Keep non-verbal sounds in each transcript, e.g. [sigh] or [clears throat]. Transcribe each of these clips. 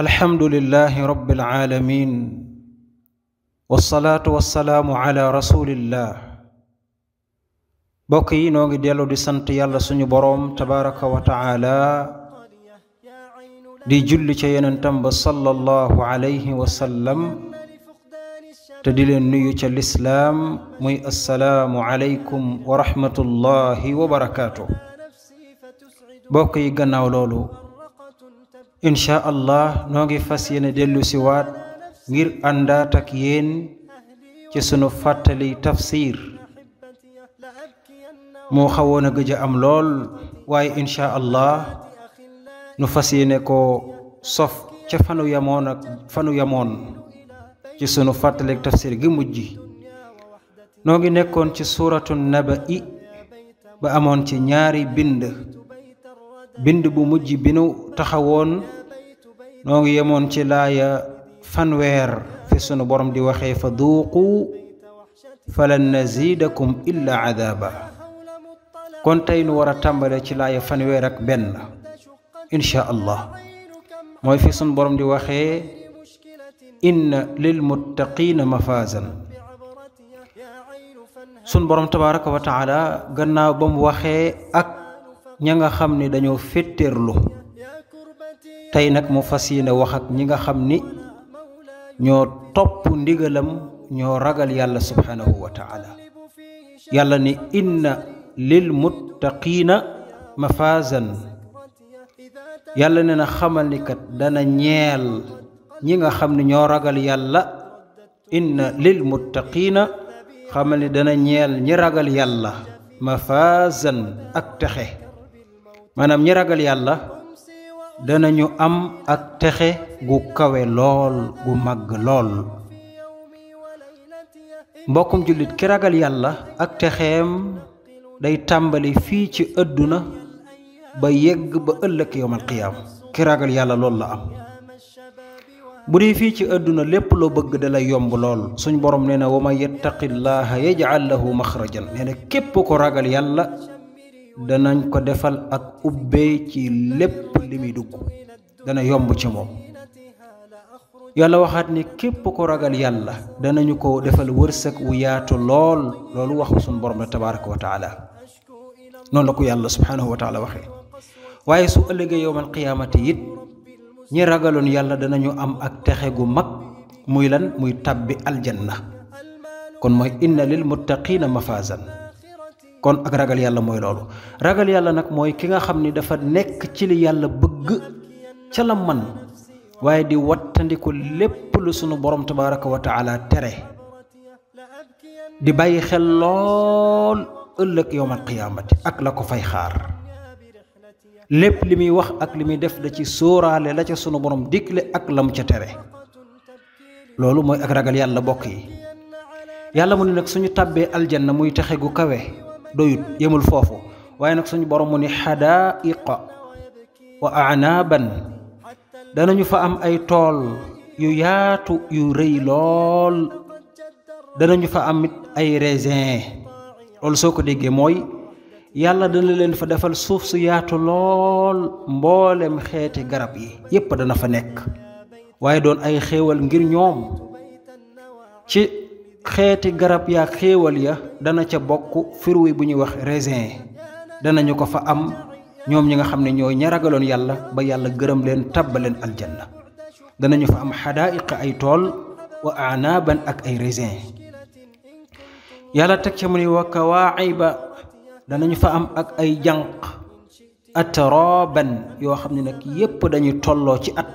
alhamdulilahi rabbil aalamiin wassalaatu wassalaamu ala rasulillah bokk yi noo ngi dellu di sant yàlla suñu boroom tabaraka wa taala di julli ca yonentam ba sallallahu alayhi wa sallam te di leen nuyu ca lislaam muy assalaamu aleykum wa rahmatullahi wa barakaatu bokk yi gannaaw loolu incha allah noo ngi fas yéene dellu waat ngir àndaat ak yéen ci sunu fàttali tafsiir moo xawoon a gëj am lool waaye incha allah nu fas yéene ko sof ca fanu yamoon ak fanu yamoon ci sunu fàttali tafsir gi mujj noo ngi nekkoon ci suuratu naba i ba amoon ci ñaari bind bind bu mujj bi nu taxawoon noo ngi yemoon ci laaya fanweer fi sunu borom di waxee fa duuqu falan nazidakum illa adaaba kon tey nu war a tàmbale ci laaya fanweer ak benn inchaa allah mooy fi sunu borom di waxee inna lilmuttaqiina mafaazan sun borom tabaraka wa gannaaw ba mu ak ña nga xam ni dañoo féttéerlu tey nag mu fas yéene wax ak ñi nga xam ni ñoo topp ndigalam ñoo ragal yàlla subhaanahu wa taala yàlla ni inna lil muttaqiina mafaazan yàlla ne na xamal ni kat dana ñeel ñi nga xam ni ñoo ragal yàlla inna lil muttaqiina xamal ni dana ñeel ñi ragal yàlla ma mafaazan ak texe maanaam ñi ragal yàlla danañu am ak texe gu kawe lool gu màgg lool mbokkum jullit ki ragal yàlla ak texeem day tàmbali fii ci ëdduna ba yegg ba ëllëg yowmal qiyaam ki ragal yàlla loolu la am bu dee fii ci àdduna lépp loo bëgg da lay yomb lool suñu borom nee na wa man yattaqillaha yaj'al lahu maxrajan nee na képp ko ragal yàlla danañ ko defal ak ubbee ci lépp li muy dugg dana yomb ci moom yàlla waxaat ni képp ko ragal yàlla danañu ko defal wërsëg wu yaatu lool loolu waxu suñu borom la tabaraka wa taala noonu la ko yàlla subhaanahu wa taala waxee waaye su ëllëgee yowmal qiyaamati it ñi ragaloon yàlla danañu am ak texe gu mag muy lan muy tàbbi aljanna kon mooy inna lil muttaqiina mafaasan kon ak ragal yàlla mooy loolu ragal yàlla nag mooy ki nga xam ni dafa nekk ci li yàlla bëgg ca la man waaye di wattandiku lépp lu sunu borom tabaraka wa taala tere di bàyyi xel lool ëllëg yowmal qiyaamati ak la ko fay xaar lépp li muy wax ak li muy def da ci sóoraale la ca sunu borom digle ak la mu ca tere loolu mooy ak ragal yàlla bokk yi yàlla mu ne nag suñu tàbbee aljanna muy texe gu kawe doyut yemul foofu waaye nag suñu borom mu ni xadaa'iqa wa a'naaban danañu fa am ay tool yu yaatu yu rëy lool danañu fa am it ay raisin loolu soo ko déggee mooy yàlla dana leen fa defal suuf su yaatu lool mboolem xeeti garab yi yépp dana fa nekk waaye doon ay xéewal ngir ñoom ci xeeti garab yaa xéewal ya dana ca bokk firwi bu ñuy wax résin raisin danañu ko fa am ñoom ñi nga xam ne ñooy ña ragaloon yàlla ba yàlla gërëm leen tàbbaleen aljanna danañu fa am xadaaiq ay tool wa anaaban ak ay raisin yàlla teg ca mu ne wa kawaayiba danañu fa am ak ay jànq atraban yoo xam ne nag yépp dañuy tolloo ci at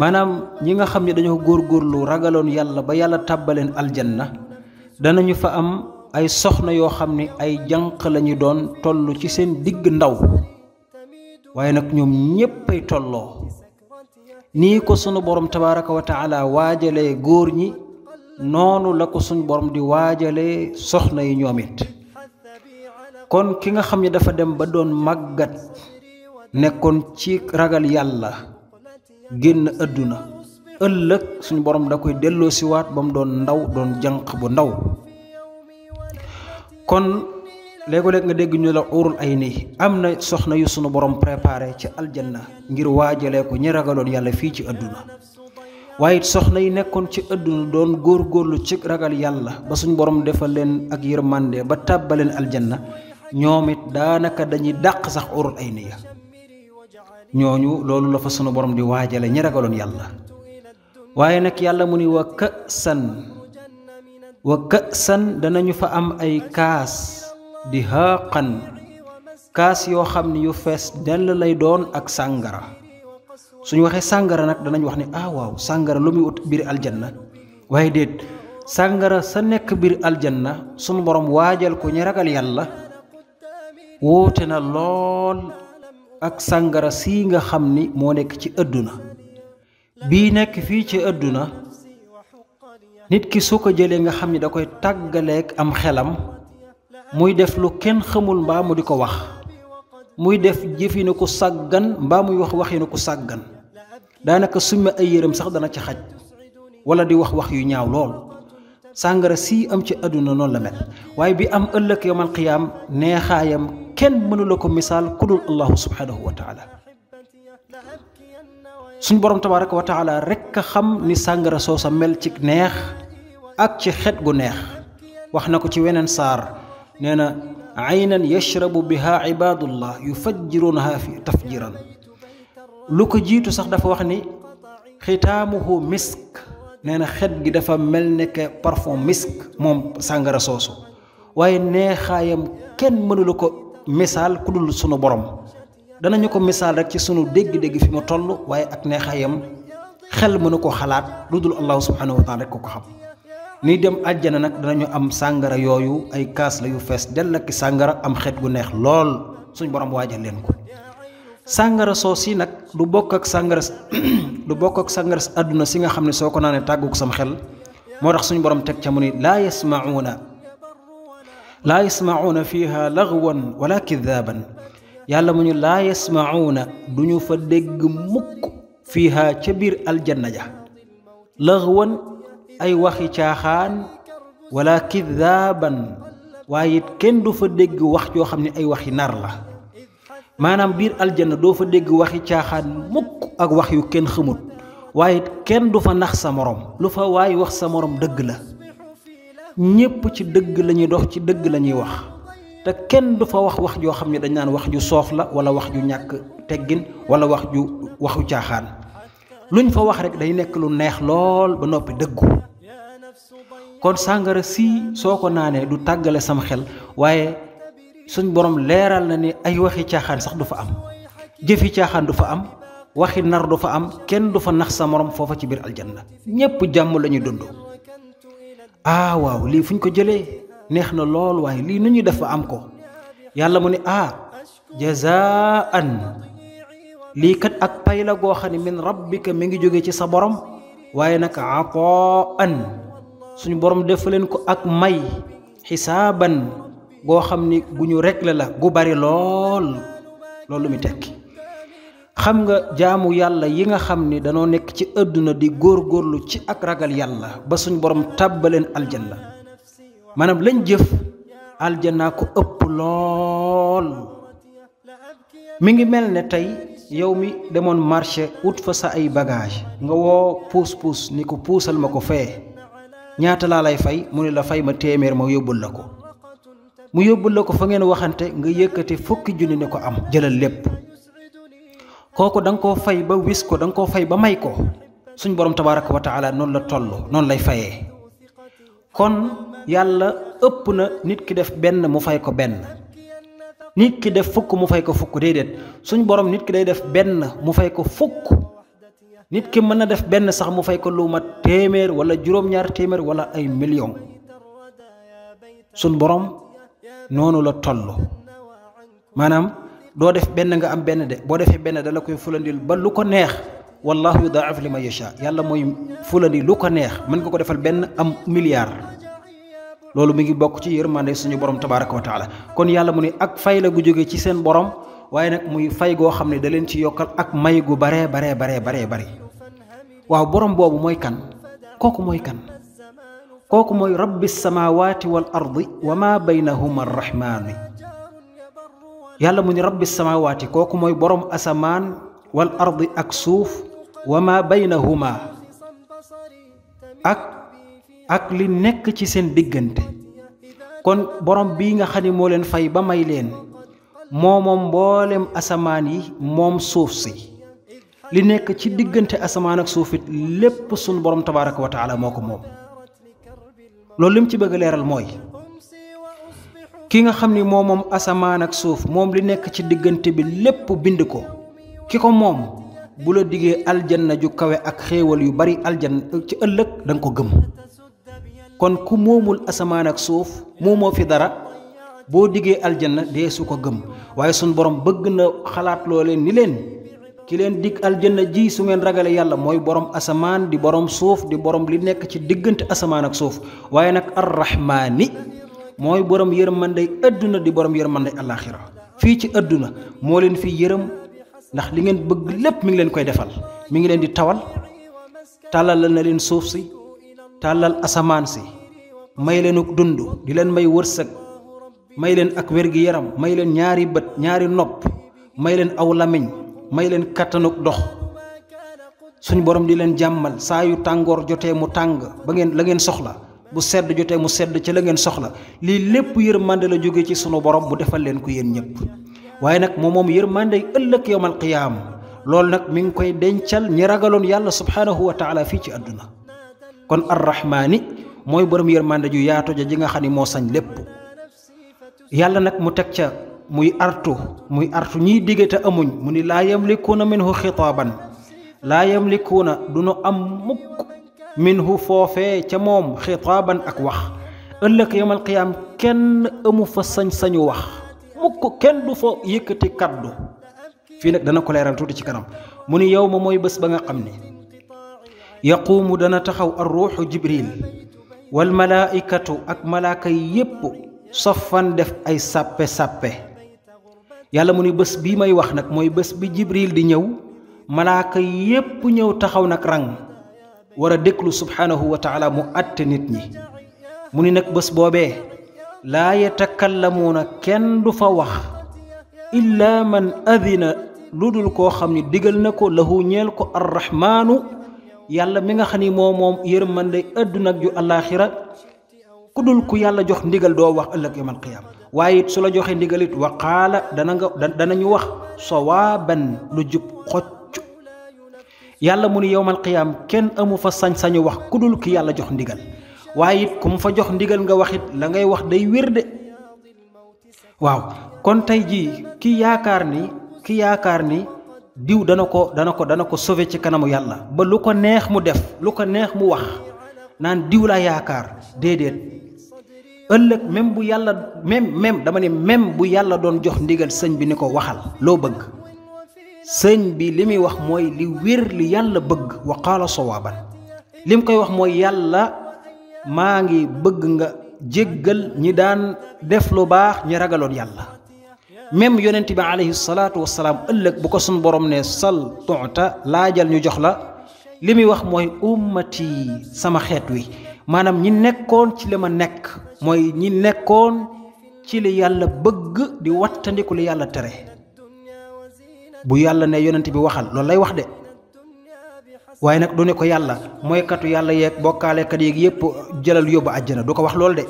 maanaam ñi nga xam ne dañoo góorlu ragaloon yàlla ba yàlla tàbbaleen aljanna danañu fa am ay soxna yoo xam ni ay jànq lañuy doon tollu ci seen digg ndaw waaye nag ñoom ñéppay tolloo ni ko sunu borom tabaaraka wa waajale góor ñi noonu la ko suñu boroom di waajale soxna yi ñoom it kon ki nga xam ni dafa dem ba doon màggat nekkoon ci ragal yàlla génn ëdduna ëllëg suñu borom da koy delloo siwaat ba mu doon ndaw doon jànq bu ndaw kon léegoo-léeg nga dégg ñu la urul ay nii am na soxna yu suñu borom préparé ci aljanna ngir waajale ko ñi ragaloon yàlla fii ci àdduna waaye soxna yi nekkoon ci àdduna doon góor-góorlu ci ragal yàlla ba suñu borom defal leen ak yërmande ba tàbbaleen aljanna ñoom it daanaka dañuy dàq sax urul ay nii ñooñu loolu la sunu borom di waajale ñi ragaloon yàlla waaye nag yàlla mu ni wa kësan wa kësan danañu fa am ay kaas di xaqan kaas yoo xam ne yu fees dell lay doon ak sàngara suñu waxee sàngara nag danañ wax ne ah waaw sàngara lu muy ut biir aljanna waaye déet sàngara sa nekk biir aljanna sunu boroom waajal ko ñi ragal yàlla wóote na lool ak sàngara sii nga xam ni moo nekk ci ëdduna bii nekk fii ci ëdduna nit ki soo ko jëlee nga xam ni da koy tàggaleek am xelam muy def lu kenn xamul mbaa mu di ko wax muy def ne ku sàggan mbaa muy wax wax waxinu ku sàggan daanaka summi ay yërëm sax dana ci xaj wala di wax wax yu ñaaw lool sàngara sii am ci àdduna noonu waaye bi am ëllëg yomal xiyaam neexaayam kenn mënula ko misaal ku dul allahu subhanahu wa taala suñ borom tabaraka wa taala rek xam ni sàngara soo sa mel ci neex ak ci xet gu neex wax na ko ci weneen saar nee na aynan yashrabu biha ibadullah yufajjirunaha fi tafjiran lu ko jiitu sax dafa wax ni xitaamuhu misk nee na xet gi dafa mel ne que parfum misk moom sàngara soosu waaye neexaayam kenn mënula ko misaal ku dul sunu borom danañu ko misaal rek ci sunu dégg-dégg fi mu toll waaye ak neexaayam xel mënu ko xalaat lu dul allahu subhanahu wa taala rek ko ko xam ni dem àjjana nag danañu am sàngara yooyu ay kaas la yu fees dell ak sàngara am xet gu neex lool suñ borom waajal leen ko sàngara soos yi nag du bokk ak sàngara [clears throat] du bokk ak sàngara àdduna si nga xam ne soo ko naanee tàggu sama xel moo tax suñu borom teg ca mu ni laa yasmauna laa yasmacuuna fiha lagwan wala kidaaban yàlla mu ñu laa yasmacuuna du ñu fa dégg mukk fiha ca biir aljana ja lagwan ay waxi caaxaan wala kidaaban waaye it kenn du fa dégg wax joo xam ni ay waxi nar la maanaam biir aljana doo fa dégg waxi caaxaan mukk ak wax yu kenn xamut waaye it kenn du fa nax sa morom lu fa waay wax sa morom dëgg la ñépp ci dëgg lañuy ñuy dox ci dëgg la ñuy wax te kenn du fa wax wax joo xam ne dañ naan wax ju soof la wala wax ju ñàkk teggin wala wax ju waxu caaxaan luñ fa wax rek day nekk lu neex lool ba noppi dëggu kon sàngara sii soo ko naanee du tàggale sama xel waaye suñ boroom leeral na ni ay waxi caaxaan sax du fa am jëf jëfi caaxaan du fa am waxi nar du fa am kenn du fa nax sa morom foofa ci biir aljanna ñépp jàmm lañuy ñuy dund ah waaw lii fu ñu ko jëlee neex na lool waaye lii nu ñuy def am ko yàlla mu ne ah jazaan lii kat ak pay la goo xam ne min rabbika mi ngi jóge ci sa borom waaye nag ataan suñu borom defa leen ko ak may xisaaban goo xam ni gu ñu rekk la la gu bari lool loolu mi tekki xam nga jaamu yàlla yi nga xam ni danoo nekk ci ëdduna di góor góorlu ci ak ragal yàlla ba suñ borom tàbbaleen aljanna maanaam lañ jëf naa ko ëpp lool mi ngi mel ne tey yow mi demoon marché wut fa sa ay bagage nga woo puus puus ni ko puusal ma ko fee ñaata laa lay fay mu ne la fay ma téeméer ma yóbbul la ko mu yóbbul la ko fa ngeen waxante nga yëkkati fukki junni ne ko am jëlal lépp kooku da nga koo fay ba wis ko da nga koo fay ba may ko suñ borom tabaraka wa taala noonu la toll noonu lay fayee kon yàlla ëpp na nit ki def benn mu fay ko benn nit ki def fukk mu fay ko fukk déedéet suñ borom nit ki day def benn mu fay ko fukk nit ki mën na def benn sax mu fay ko lu mat téeméer wala juróom-ñaar téeméer wala ay million suñ borom noonu la toll maanaam doo def benn nga am benn de boo defee benn dala koy fulandil ba lu ko neex wallahu yudaaf li ma yasha yàlla mooy fulandi lu ko neex mën nga ko defal benn am milliard loolu mu ngi bokk ci yërmande suñu borom tabaraka wa taala kon yàlla mu ne ak fay la gu jóge ci seen borom waaye nag muy fay goo xam ne da leen ci yokkal ak may gu baree baree baree baree bare waaw borom boobu mooy kan kooku mooy kan kooku mooy rabbi samawati wal ardi wa ma baynahuma arrahmaani yàlla mu ni rabbi samawaati kooku mooy borom asamaan wal ardi ak suuf wa ma baynahuma ak ak li nekk ci seen diggante kon borom bii nga xam ni moo leen fay ba may leen moo moom mboolem asamaan yi moom suuf si li nekk ci diggante asamaan ak suufit lépp sunu borom tabaaraka wa moo ko moom loolu lim ci bëgg leeral mooy ki nga xam ni moo moom asamaan ak suuf moom li nekk ci diggante bi lépp bind ko ki ko moom bu la diggee aljanna ju kawe ak xéewal yu bari aljanna ci ëllëg danga ko gëm kon ku moomul asamaan ak suuf moo fi dara boo diggee aljanna dee su ko gëm waaye suñ borom bëgg na xalaat loo leen ni leen ki leen dig aljanna ji su ngeen ragale yàlla mooy borom asamaan di borom suuf di borom li nekk ci diggante asamaan ak suuf waaye nag arrahmaani mooy borom yërmandey ëdduna di borom yërmandey àllaaxira fii ci ëdduna moo leen fii yërëm ndax li ngeen bëgg lépp mu ngi leen koy defal mi ngi leen di tawal tàllal na leen suuf si tàllal asamaan si may leen ak dund di leen may wërsëg may leen ak wér yaram may leen ñaari bët ñaari nopp may leen aw làmmiñ may leen kàttanuk dox suñ borom di leen jàmmal saa yu tàngoor jotee mu tàng ba ngeen la ngeen soxla bu sedd jotee mu sedd ca la ngeen soxla lii lépp yërmande la jóge ci sunu borom mu defal leen ko yéen ñëpp waaye nag moom moom yërmande ëllëg yowmal qiyaam loolu nag mi ngi koy dencal ñi ragaloon yàlla subhaanahu wa fii ci àdduna kon arrahmaani mooy borom yërmande ju yaato ja ji nga xam ni moo sañ lépp yàlla nag mu teg ca muy artu muy artu ñiy digge amuñ mu ni laa yamlikuuna minhu xitaaban laa yamlikuuna du nu am mukk minhu foofee ca moom xitaaban ak wax ëllëg yamal qiyaam kenn amu fa sañ-sañu wax mukk kenn du fa yëkkati kàddu fii nag dana ko leeral tuuti ci kanam mu ni yow ma mooy bés ba nga xam ni yaquumu dana taxaw ar ruuxu jibril wal malaaikatu ak malaaka yi yépp sofan def ay sàppe sàppe yàlla mu ni bés bii may wax nag mooy bés bi jibril di ñëw malaaka yépp ñëw taxaw nag ràng war a déglu subhaanahu wa taala mu àtte nit ñi mu ni nag bés boobee laa yatakallamuuna kenn du fa wax illaa man adina lu dul koo xam ni digal na ko lahu ñeel ko arrahmaanu yàlla mi nga xam ni moo moom man yërmande àdduna ak ju àllaaxira ku dul ku yàlla jox ndigal doo wax ëllëg yawmal qiyaama waaye it su la joxee ndigalit wa qaala dana nga danañu wax sawaaban lu jub xoj yàlla mu ni yowmal qiyaam kenn amu fa sañ-sañu wax ku dul ki yàlla jox ndigal waaye it ku mu fa jox ndigal nga wax it la ngay wax day wér de waaw kon tey jii ki yaakaar ni ki yaakaar ni diw dana ko dana ko dana ko sauver ci kanamu yàlla ba lu ko neex mu def lu ko neex mu wax naan diw la yaakaar déedéet ëllëg même bu yàlla même même dama ne même bu yàlla doon jox ndigal sëñ bi ni ko waxal loo bëgg sëñ bi li muy wax mooy li wér li yàlla bëgg wa qaala sawaaban li mu koy wax mooy yàlla maa ngi bëgg nga jéggal ñi daan def lu baax ñi ragaloon yàlla même yonent bi alayhi salaatu ëllëg bu ko sun borom ne sal tuuta laajal ñu jox la li muy wax mooy ummati sama xeet wi maanaam ñi nekkoon ci li ma nekk mooy ñi nekkoon ci li yàlla bëgg di wattandiku li yàlla tere bu yàlla ne yonante bi waxal loolu lay wax de waaye nag du ne ko yàlla mooy katu yàlla yeeg bokkaalekat yeeg yëpp jëlal yóbbu àjjana du ko wax loolu de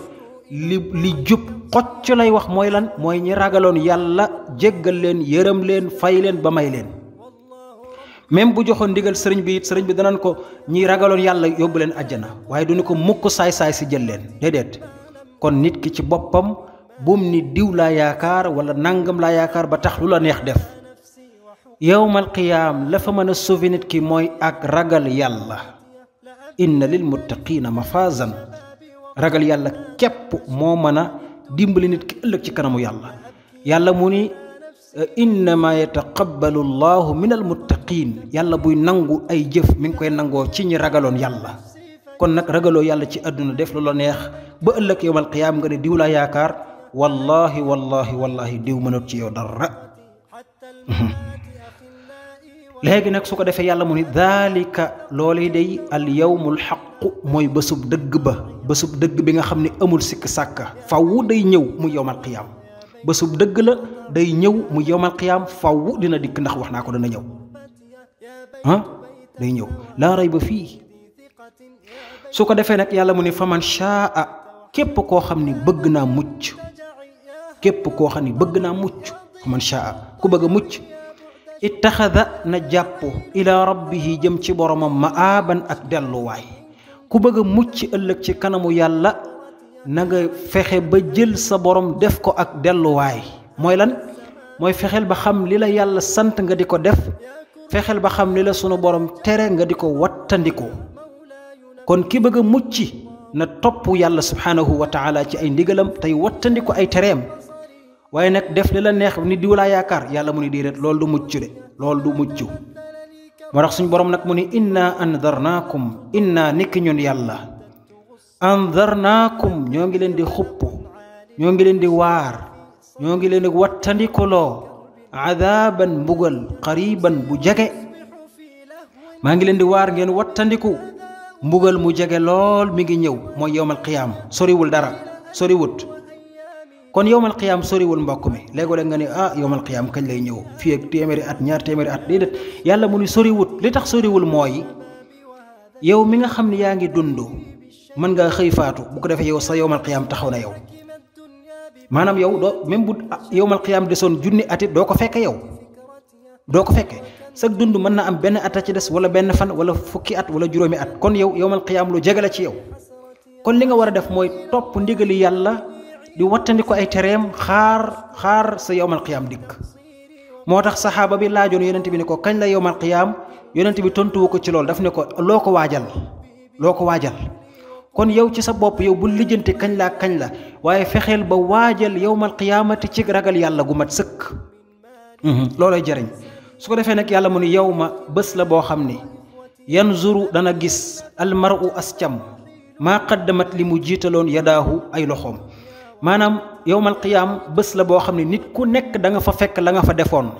li li jub xocc lay wax mooy lan mooy ñi ragaloon yàlla jéggal leen yërëm leen fay leen ba may leen même bu joxoon digal sëriñ bi it sëriñ bi danañ ko ñi ragaloon yàlla yóbbu leen àjjana waaye du ne ko mukk saay-saay si jël leen déedéet kon nit ki ci boppam buum ni diw laa yaakaar wala nangam laa yaakaar ba tax lu la neex def yowmal qiyaam la fa mën a sauver nit ki mooy ak ragal yàlla inna lil ma mafaazan ragal yàlla képp moo mën a dimbali nit ki ëllëg ci kanamu yàlla yàlla mu ni innama yataqabbalu llahu min al muttaqiin yàlla buy nangu ay jëf mi ngi koy nangoo ci ñi ragaloon yàlla kon nag ragaloo yàlla ci àdduna def lu la neex ba ëllëg yowmal qiyaam nga ne diw laa yaakaar wallahi wallahi wallahi diw mënut ci yow dara [laughs] léegi nag su ko defee yàlla mu ni daalika loolu day al yawmul xaqu mooy bésub dëgg ba bésub dëgg bi nga xam ne amul sikk sàkka faw day ñëw mu yowmal qiyaam bésub dëgg la day ñëw mu yowmal qiyaam faww dina dikk ndax wax naa ko dana ñëw ah day ñëw laa ba fii su ko defee nag yàlla mu ni faman shaa képp koo xam ne bëgg naa mucc képp koo xam ni bëgg naa mucc faman ku bëgg a mucc taxada na jàpp ila rabbihi jëm ci boromam ma aaban ak delluwaay ku bëgg a mucc ëllëg ci kanamu yàlla na nga fexe ba jël sa borom def ko ak delluwaay mooy lan mooy fexeel ba xam li la yàlla sant nga di ko def fexeel ba xam li la sunu borom tere nga di ko wattandiku kon ki bëgg mucci mucc na topp yàlla subhaanahu wa taala ci ay ndigalam tey wattandiku ay tereem waaye nag def li la neex ni diw yaakaar yàlla mu ni déedéet loolu du mucc de loolu du mucc moo tax suñu borom nag mu ni inna andarnaakum inna nikki ñun yàlla andarnaakum ñoo ngi leen di xupp ñoo ngi leen di waar ñoo ngi leen di wattandikuloo adaaban mbugal qariban bu jege maa ngi leen di waar ngeen wattandiku mbugal mu jege lool mi ngi ñëw mooy yowmal qiyaam soriwul dara soriwut kon yowmal qiyaam soriwul mbokk mi léegoo-léeg nga ne ah yowmal qiyaam kañ lay ñëw fii ak at ñaar téeméeri at déedéet yàlla mu ni soriwut li tax soriwul mooy yow mi nga xam ne yaa ngi dund mën ngaa xëy faatu bu ko defee yow sa yowmal qiyaam taxaw na yow maanaam yow doo même bu ah, yowmal qiyaam desoon junni at doo ko fekke yow doo ko fekke sa dund mën na am benn at a ci des wala benn fan wala fukki at wala juróomi at kon yow yowmal qiyaam lu jege la ci yow kon li nga war a def mooy topp ndigali yàlla di wattandiku ay tereem xaar xaar sa yowmal qiyaam dikk moo tax saxaaba bi laajoon yonent bi ne ko kañ la yowmal qiyaam yonent bi tontuwu ko ci loolu dafa ne ko loo ko waajal loo ko waajal kon yow ci sa bopp yow bu lijjanti kañ laa kañ la waaye fexeel ba waajal yowmal qiyaamati ci ragal yàlla gu mat sëkk mhm, loolay jëriñ su ko defee nag yàlla mu ne yow ma bés la boo xam ne yan yanzuru dana gis almaru as cam maa qaddamat li mu jiitaloon yadaahu ay loxoom maanaam yowmal qiyaam bés la boo xam ne nit ku nekk da nga fa fekk la nga fa defoon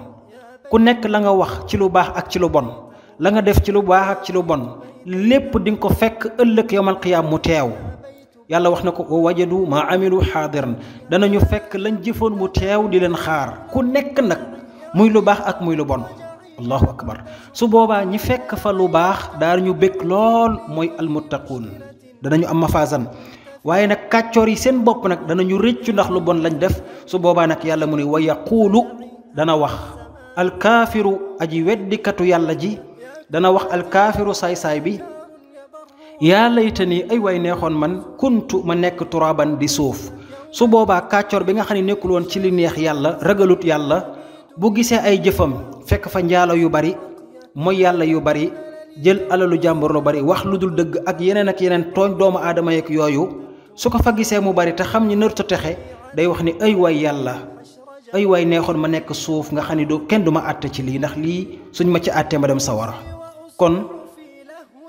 ku nekk la nga wax ci lu baax ak ci lu bon la nga def ci lu baax ak lépp di nga ko fekk ëllëg yowmal qiyaam mu teew yàlla wax na ko wa wajadu maa amilu xaadiran danañu fekk lañ jëfoon mu teew di leen xaar ku nekk nag muy lu baax ak muy lu bon allahu akbar su boobaa ñi fekk fa lu baax daal ñu bëgg lool mooy almuttaquun danañu am mafaasan waaye nag kàccoor yi seen bopp nag danañu rëccu ndax lu bon lañu def su boobaa nag yàlla mu ne wa yaquulu dana wax alkaafiru aji weddikatu yàlla ji dana wax alkaafiru saay-saay bi yaa laytani ay waay neexoon man kuntu ma nekk turaaban di suuf su boobaa kàccoor bi nga xam ne nekkuloon ci li neex yàlla ragalut yàlla bu gisee ay jëfam fekk fa njaalo yu bari mooy yàlla yu bari jël alalu jàmbur lu bari wax lu dul dëgg ak yeneen ak yeneen tooñ doomu aadama yeeg yooyu su ko fa gisee mu bari te xam ñi nër ta texe day wax ni ay waay yàlla ay waay neexoon ma nekk suuf nga xam ne du kenn du ma àtte ci lii ndax lii suñ ma ci àttee ma dem sawara kon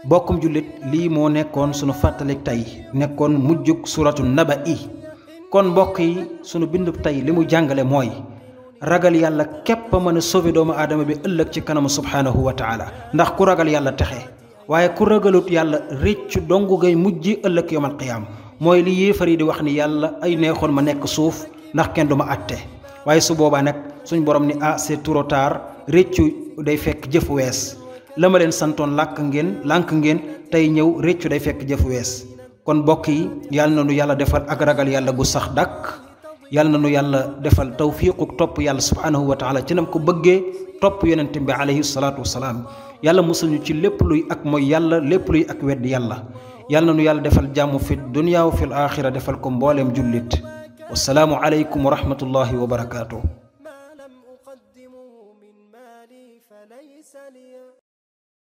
bokkum jullit lii moo nekkoon sunu fàttalik tey nekkoon mujjug suratu naba i kon mbokk yi sunu bindub tey li mu jàngale mooy ragal yàlla képp a mën a sauver doomu aadama bi ëllëg ci kanamu subhaanahu wa taala ndax ku ragal yàlla texe waaye ku ragalut yàlla réccu dong ngay mujj ëllëg yawmal qiyaam mooy li yéefar yi di wax ni yàlla ay neexoon ma nekk suuf ndax kenn du ma àtte waaye su boobaa nag suñu borom ni ah c'est trop réccu day fekk jëf wees la ma leen santoon làkk ngeen lànk ngeen tey ñëw réccu day fekk jëf wees kon mbokk yi yàlla na nu yàlla defal ak ragal yàlla gu sax dàkk yàlla na nu yàlla defal tawfiiquk topp yàlla subhaanahu wa taala ci nam ko bëggee topp yonent bi alayhi salaatu wasalaam yàlla musal ñu ci lépp luy ak mooy yàlla lépp luy ak wedd yàlla yàlla na nu yàlla defal jàmm fi duniyaaw fil aaxira defal ko mbooleem jullit wasalaamu aleykum wa rahmatullahi wa barakaatu.